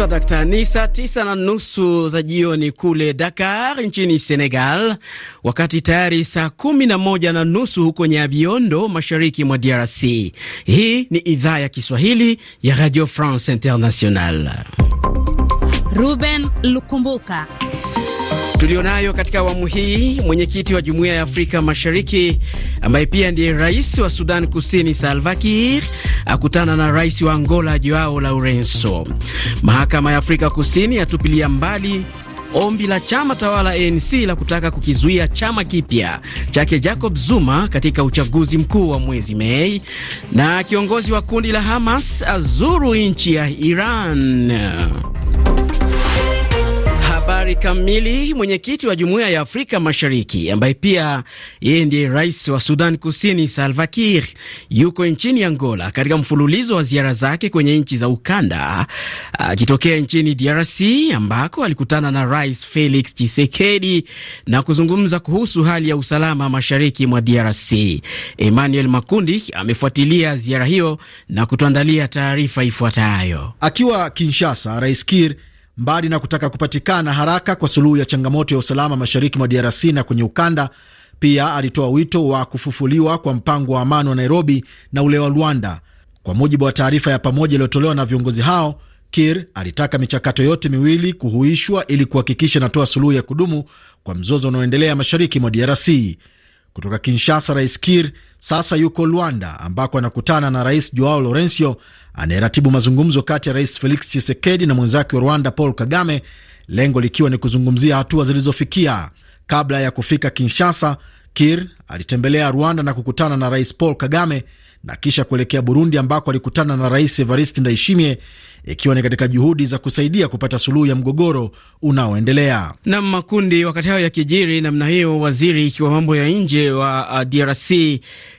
kabisa dakta. Ni saa tisa na nusu za jioni kule Dakar nchini Senegal, wakati tayari saa kumi na moja na nusu huko Nyabiondo, mashariki mwa DRC. Hii ni idhaa ya Kiswahili ya Radio France International. Ruben Lukumbuka tulionayo katika awamu hii. Mwenyekiti wa Jumuiya ya Afrika Mashariki ambaye pia ndiye rais wa Sudan Kusini Salva Kiir akutana na rais wa Angola Joao Lourenco. Mahakama ya Afrika Kusini yatupilia mbali ombi la chama tawala ANC la kutaka kukizuia chama kipya chake Jacob Zuma katika uchaguzi mkuu wa mwezi Mei, na kiongozi wa kundi la Hamas azuru nchi ya Iran habari kamili. Mwenyekiti wa Jumuiya ya Afrika Mashariki ambaye pia yeye ndiye rais wa Sudan Kusini, Salva Kiir yuko nchini Angola katika mfululizo wa ziara zake kwenye nchi za ukanda, akitokea nchini DRC ambako alikutana na Rais Felix Tshisekedi na kuzungumza kuhusu hali ya usalama mashariki mwa DRC. Emmanuel Makundi amefuatilia ziara hiyo na kutuandalia taarifa ifuatayo. Akiwa Kinshasa, Rais Kiir Mbali na kutaka kupatikana haraka kwa suluhu ya changamoto ya usalama mashariki mwa DRC na kwenye ukanda, pia alitoa wito wa kufufuliwa kwa mpango wa amani wa Nairobi na ule wa Luanda. Kwa mujibu wa taarifa ya pamoja iliyotolewa na viongozi hao, Kir alitaka michakato yote miwili kuhuishwa ili kuhakikisha inatoa suluhu ya kudumu kwa mzozo unaoendelea mashariki mwa DRC. Kutoka Kinshasa, Rais Kir sasa yuko Luanda ambako anakutana na Rais Joao Lorencio anayeratibu mazungumzo kati ya Rais Felix chisekedi na mwenzake wa Rwanda Paul Kagame, lengo likiwa ni kuzungumzia hatua zilizofikia. Kabla ya kufika Kinshasa, Kir alitembelea Rwanda na kukutana na Rais Paul Kagame na kisha kuelekea Burundi ambako alikutana na Rais Evariste Ndayishimiye ikiwa ni katika juhudi za kusaidia kupata suluhu ya mgogoro unaoendelea. na makundi wakati hayo ya kijiri namna hiyo, waziri wa mambo ya nje wa uh, DRC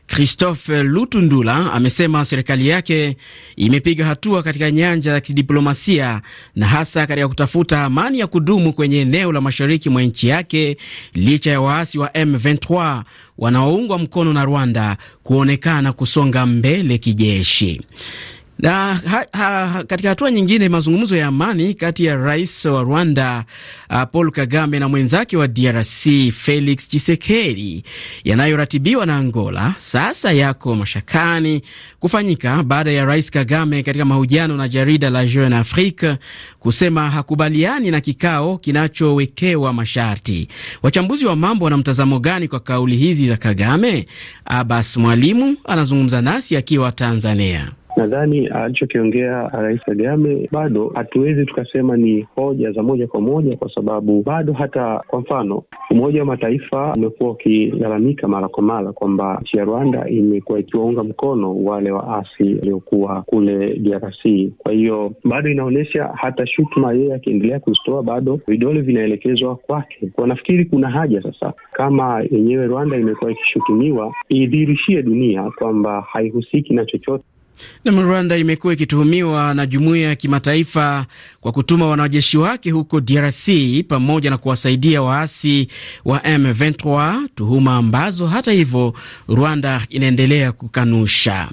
Christophe Lutundula amesema serikali yake imepiga hatua katika nyanja ya kidiplomasia na hasa katika kutafuta amani ya kudumu kwenye eneo la mashariki mwa nchi yake licha ya waasi wa M23 wanaoungwa mkono na Rwanda kuonekana kusonga mbele kijeshi. Na ha, ha, katika hatua nyingine, mazungumzo ya amani kati ya rais wa Rwanda uh, Paul Kagame na mwenzake wa DRC Felix Tshisekedi yanayoratibiwa na Angola sasa yako mashakani kufanyika baada ya rais Kagame katika mahojiano na jarida la Jeune Afrique kusema hakubaliani na kikao kinachowekewa masharti. Wachambuzi wa mambo wana mtazamo gani kwa kauli hizi za Kagame? Abbas Mwalimu anazungumza nasi akiwa Tanzania. Nadhani alichokiongea Rais Kagame bado hatuwezi tukasema ni hoja za moja kwa moja, kwa sababu bado hata kwa mfano Umoja wa Mataifa umekuwa ukilalamika mara kwa mara kwamba nchi ya Rwanda imekuwa ikiwaunga mkono wale waasi waliokuwa kule DRC. Kwa hiyo bado inaonyesha hata shutuma yeye akiendelea kuzitoa bado vidole vinaelekezwa kwake. Kwa nafikiri kuna haja sasa, kama yenyewe Rwanda imekuwa ikishutumiwa, iidhirishie dunia kwamba haihusiki na chochote. Nam Rwanda imekuwa ikituhumiwa na jumuiya ya kimataifa kwa kutuma wanajeshi wake huko DRC pamoja na kuwasaidia waasi wa M23, tuhuma ambazo hata hivyo Rwanda inaendelea kukanusha.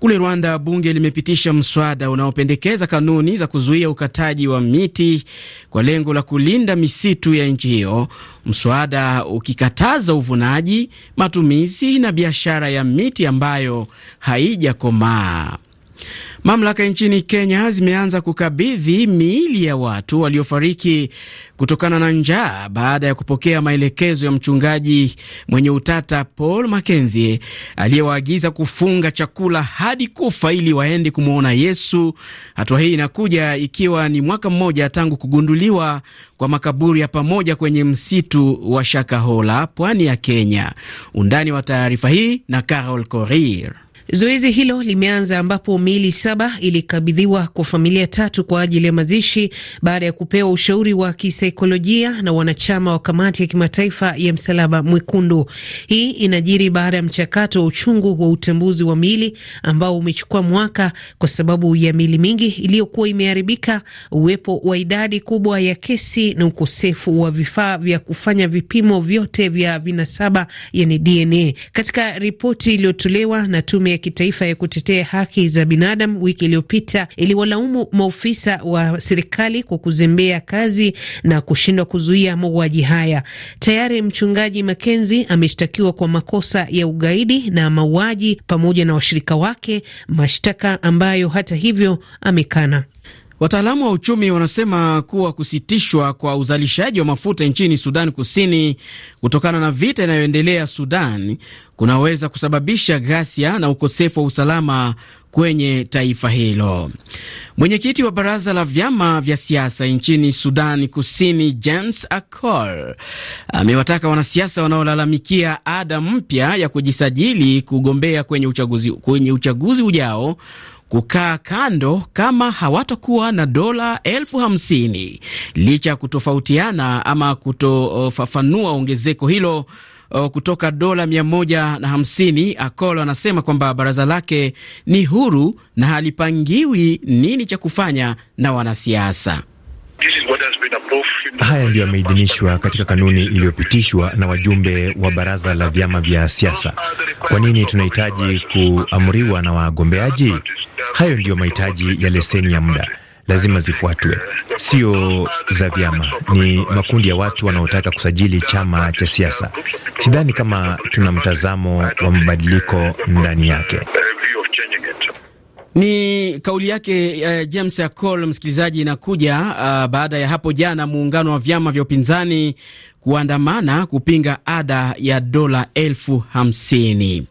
Kule Rwanda, bunge limepitisha mswada unaopendekeza kanuni za kuzuia ukataji wa miti kwa lengo la kulinda misitu ya nchi hiyo, mswada ukikataza uvunaji, matumizi na biashara ya miti ambayo haijakomaa. Mamlaka nchini Kenya zimeanza kukabidhi miili ya watu waliofariki kutokana na njaa baada ya kupokea maelekezo ya mchungaji mwenye utata Paul Mackenzie aliyewaagiza kufunga chakula hadi kufa ili waende kumwona Yesu. Hatua hii inakuja ikiwa ni mwaka mmoja tangu kugunduliwa kwa makaburi ya pamoja kwenye msitu wa Shakahola, pwani ya Kenya. Undani wa taarifa hii na Carol Korir. Zoezi hilo limeanza ambapo miili saba ilikabidhiwa kwa familia tatu kwa ajili ya mazishi baada ya kupewa ushauri wa kisaikolojia na wanachama wa kamati ya kimataifa ya Msalaba Mwekundu. Hii inajiri baada ya mchakato wa uchungu wa utambuzi wa miili ambao umechukua mwaka kwa sababu ya miili mingi iliyokuwa imeharibika, uwepo wa idadi kubwa ya kesi na ukosefu wa vifaa vya kufanya vipimo vyote vya vinasaba, yani DNA. Katika ripoti iliyotolewa na tume ya kitaifa ya kutetea haki za binadamu wiki iliyopita iliwalaumu maofisa wa serikali kwa kuzembea kazi na kushindwa kuzuia mauaji haya. Tayari mchungaji Makenzi ameshtakiwa kwa makosa ya ugaidi na mauaji pamoja na washirika wake, mashtaka ambayo hata hivyo amekana. Wataalamu wa uchumi wanasema kuwa kusitishwa kwa uzalishaji wa mafuta nchini Sudan Kusini kutokana na vita inayoendelea Sudan kunaweza kusababisha ghasia na ukosefu wa usalama kwenye taifa hilo. Mwenyekiti wa baraza la vyama vya siasa nchini Sudan Kusini, James Acol, amewataka wanasiasa wanaolalamikia ada mpya ya kujisajili kugombea kwenye uchaguzi, kwenye uchaguzi ujao kukaa kando kama hawatakuwa na dola elfu hamsini licha ya kutofautiana ama kutofafanua ongezeko hilo oh, kutoka dola mia moja na hamsini. Akolo anasema kwamba baraza lake ni huru na halipangiwi nini cha kufanya na wanasiasa. Haya ndiyo yameidhinishwa katika kanuni iliyopitishwa na wajumbe wa baraza la vyama vya siasa. Kwa nini tunahitaji kuamriwa na wagombeaji? Hayo ndiyo mahitaji ya leseni ya muda, lazima zifuatwe, sio za vyama. Ni makundi ya watu wanaotaka kusajili chama cha siasa. Sidhani kama tuna mtazamo wa mabadiliko ndani yake. Ni kauli yake uh, James Acol, msikilizaji, inakuja uh, baada ya hapo jana muungano wa vyama vya upinzani kuandamana kupinga ada ya dola elfu hamsini.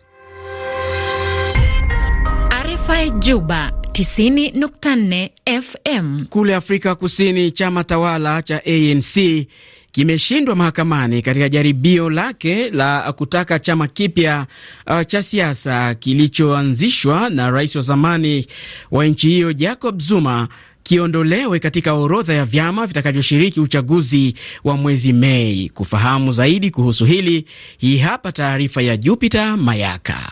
RFI Juba 90.4 FM. Kule Afrika Kusini, chama tawala cha ANC kimeshindwa mahakamani katika jaribio lake la kutaka chama kipya uh, cha siasa kilichoanzishwa na rais wa zamani wa nchi hiyo Jacob Zuma kiondolewe katika orodha ya vyama vitakavyoshiriki uchaguzi wa mwezi Mei. Kufahamu zaidi kuhusu hili, hii hapa taarifa ya Jupiter Mayaka.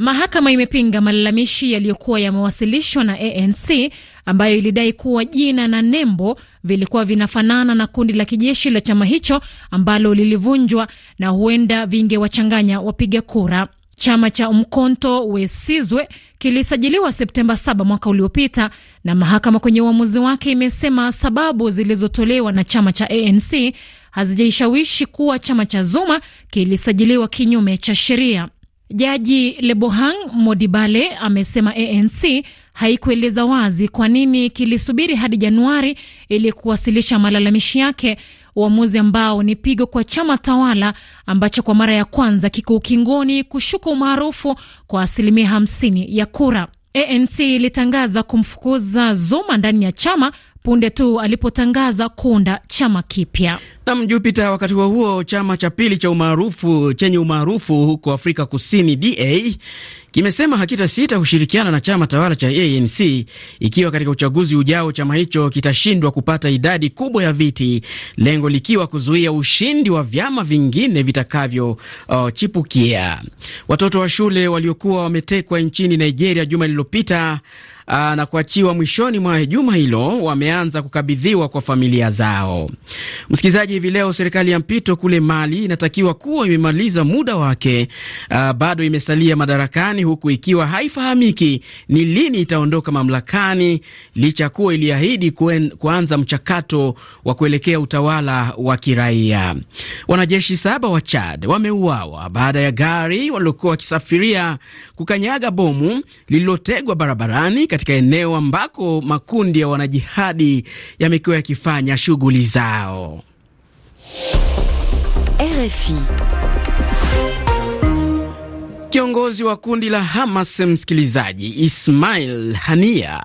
Mahakama imepinga malalamishi yaliyokuwa yamewasilishwa na ANC ambayo ilidai kuwa jina na nembo vilikuwa vinafanana na kundi la kijeshi la chama hicho ambalo lilivunjwa na huenda vingewachanganya wapiga kura. Chama cha mkonto wesizwe kilisajiliwa Septemba 7 mwaka uliopita, na mahakama kwenye uamuzi wake imesema sababu zilizotolewa na chama cha ANC hazijaishawishi kuwa chama cha Zuma kilisajiliwa kinyume cha sheria. Jaji Lebohang Modibale amesema ANC haikueleza wazi kwa nini kilisubiri hadi Januari ili kuwasilisha malalamishi yake, uamuzi ambao ni pigo kwa chama tawala ambacho kwa mara ya kwanza kiko ukingoni kushuka umaarufu kwa asilimia hamsini ya kura. ANC ilitangaza kumfukuza Zuma ndani ya chama punde tu alipotangaza kuunda chama kipya. Nam Jupita. Wakati huo huo, chama cha pili cha umaarufu chenye umaarufu huko Afrika Kusini, DA, kimesema sita kushirikiana na chama tawala cha ANC ikiwa katika uchaguzi ujao chama hicho kitashindwa kupata idadi kubwa ya viti, lengo likiwa kuzuia ushindi wa vyama vingine vitakavyochipukia. Uh, watoto wa shule waliokuwa wametekwa nchini Nigeria juma lililopita uh, na kuachiwa mwishoni mwa juma hilo wameanza kukabidhiwa kwa familia zao. Msikilizaji, hivi leo serikali ya mpito kule Mali inatakiwa kuwa imemaliza muda wake, uh, bado imesalia madarakani, huku ikiwa haifahamiki ni lini itaondoka mamlakani, licha kuwa iliahidi kuanza mchakato wa kuelekea utawala wa kiraia. Wanajeshi saba wa Chad wameuawa baada ya gari waliokuwa wakisafiria kukanyaga bomu lililotegwa barabarani katika eneo ambako makundi ya wanajihadi yamekuwa yakifanya shughuli zao. RFI. Kiongozi wa kundi la Hamas msikilizaji, Ismail Hania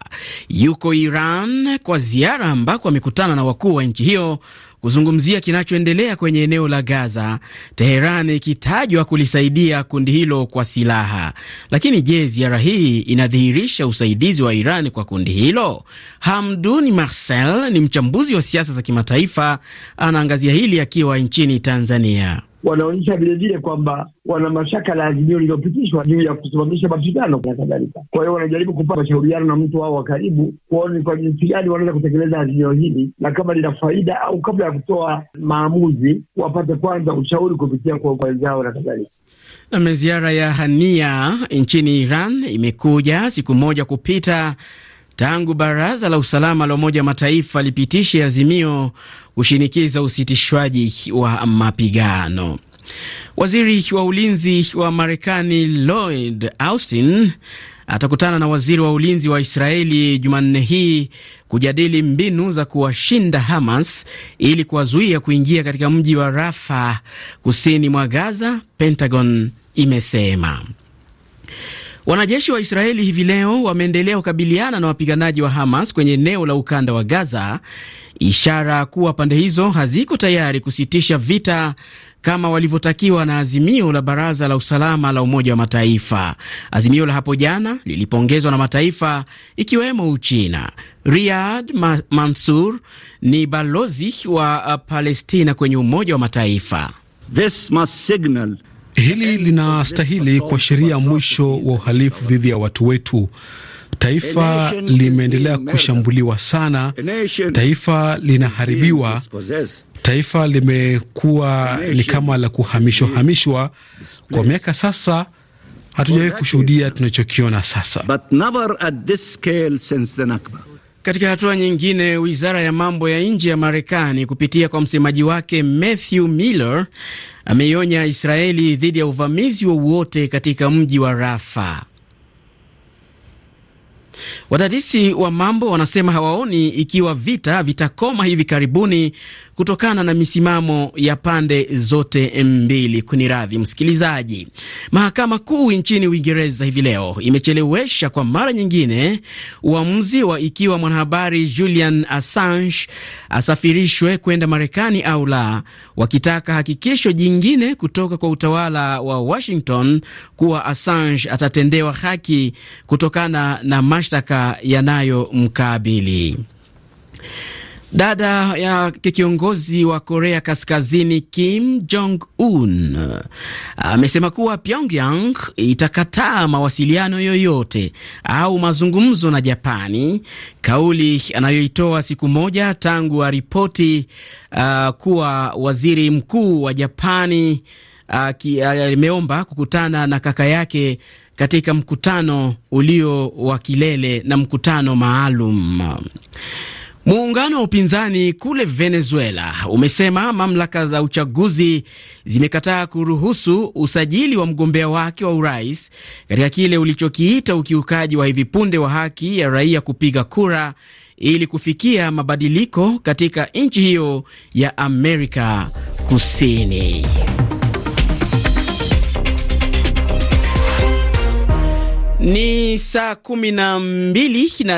yuko Iran kwa ziara ambako amekutana na wakuu wa nchi hiyo kuzungumzia kinachoendelea kwenye eneo la Gaza, Teheran ikitajwa kulisaidia kundi hilo kwa silaha. Lakini je, ziara hii inadhihirisha usaidizi wa Iran kwa kundi hilo? Hamduni Marcel ni mchambuzi wa siasa za kimataifa, anaangazia hili akiwa nchini Tanzania wanaonyesha vilevile kwamba wana mashaka la azimio lililopitishwa juu ya kusimamisha mapigano na kadhalika. Kwa hiyo wanajaribu kupata mashauriano na mtu wao wa karibu, kuona ni kwa jinsi gani wanaweza kutekeleza azimio hili, na kama lina faida au kabla ya kutoa maamuzi wapate kwanza ushauri kupitia kwa wenzao na kadhalika. Na ziara ya Hania nchini Iran imekuja siku moja kupita tangu Baraza la Usalama la Umoja wa Mataifa lipitishe azimio kushinikiza usitishwaji wa mapigano. Waziri wa ulinzi wa Marekani Lloyd Austin atakutana na waziri wa ulinzi wa Israeli Jumanne hii kujadili mbinu za kuwashinda Hamas ili kuwazuia kuingia katika mji wa Rafa kusini mwa Gaza, Pentagon imesema. Wanajeshi wa Israeli hivi leo wameendelea kukabiliana na wapiganaji wa Hamas kwenye eneo la ukanda wa Gaza, ishara kuwa pande hizo haziko tayari kusitisha vita kama walivyotakiwa na azimio la Baraza la Usalama la Umoja wa Mataifa. Azimio la hapo jana lilipongezwa na mataifa ikiwemo Uchina. Riyad Mansur ni balozi wa uh, Palestina kwenye Umoja wa Mataifa. This must signal Hili linastahili kuashiria mwisho wa uhalifu dhidi ya watu wetu. Taifa limeendelea kushambuliwa sana, taifa linaharibiwa, taifa limekuwa ni kama la kuhamishwa hamishwa kwa miaka sasa. Hatujawahi kushuhudia tunachokiona sasa. Katika hatua nyingine, wizara ya mambo ya nje ya Marekani kupitia kwa msemaji wake Matthew Miller ameionya Israeli dhidi ya uvamizi wowote katika mji wa Rafa. Wadadisi wa mambo wanasema hawaoni ikiwa vita vitakoma hivi karibuni kutokana na misimamo ya pande zote mbili. Kuniradhi msikilizaji, mahakama kuu nchini Uingereza hivi leo imechelewesha kwa mara nyingine uamuzi wa ikiwa mwanahabari Julian Assange asafirishwe kwenda Marekani au la, wakitaka hakikisho jingine kutoka kwa utawala wa Washington kuwa Assange atatendewa haki kutokana na mashtaka yanayomkabili. Dada ya kiongozi wa Korea Kaskazini Kim Jong Un amesema kuwa Pyongyang itakataa mawasiliano yoyote au mazungumzo na Japani, kauli anayoitoa siku moja tangu aripoti uh, kuwa waziri mkuu wa Japani uh, uh, kukutana na kaka yake katika mkutano ulio wa kilele na mkutano maalum. Muungano wa upinzani kule Venezuela umesema mamlaka za uchaguzi zimekataa kuruhusu usajili wa mgombea wake wa urais katika kile ulichokiita ukiukaji wa hivi punde wa haki ya raia kupiga kura ili kufikia mabadiliko katika nchi hiyo ya Amerika Kusini. Ni saa kumi na mbili na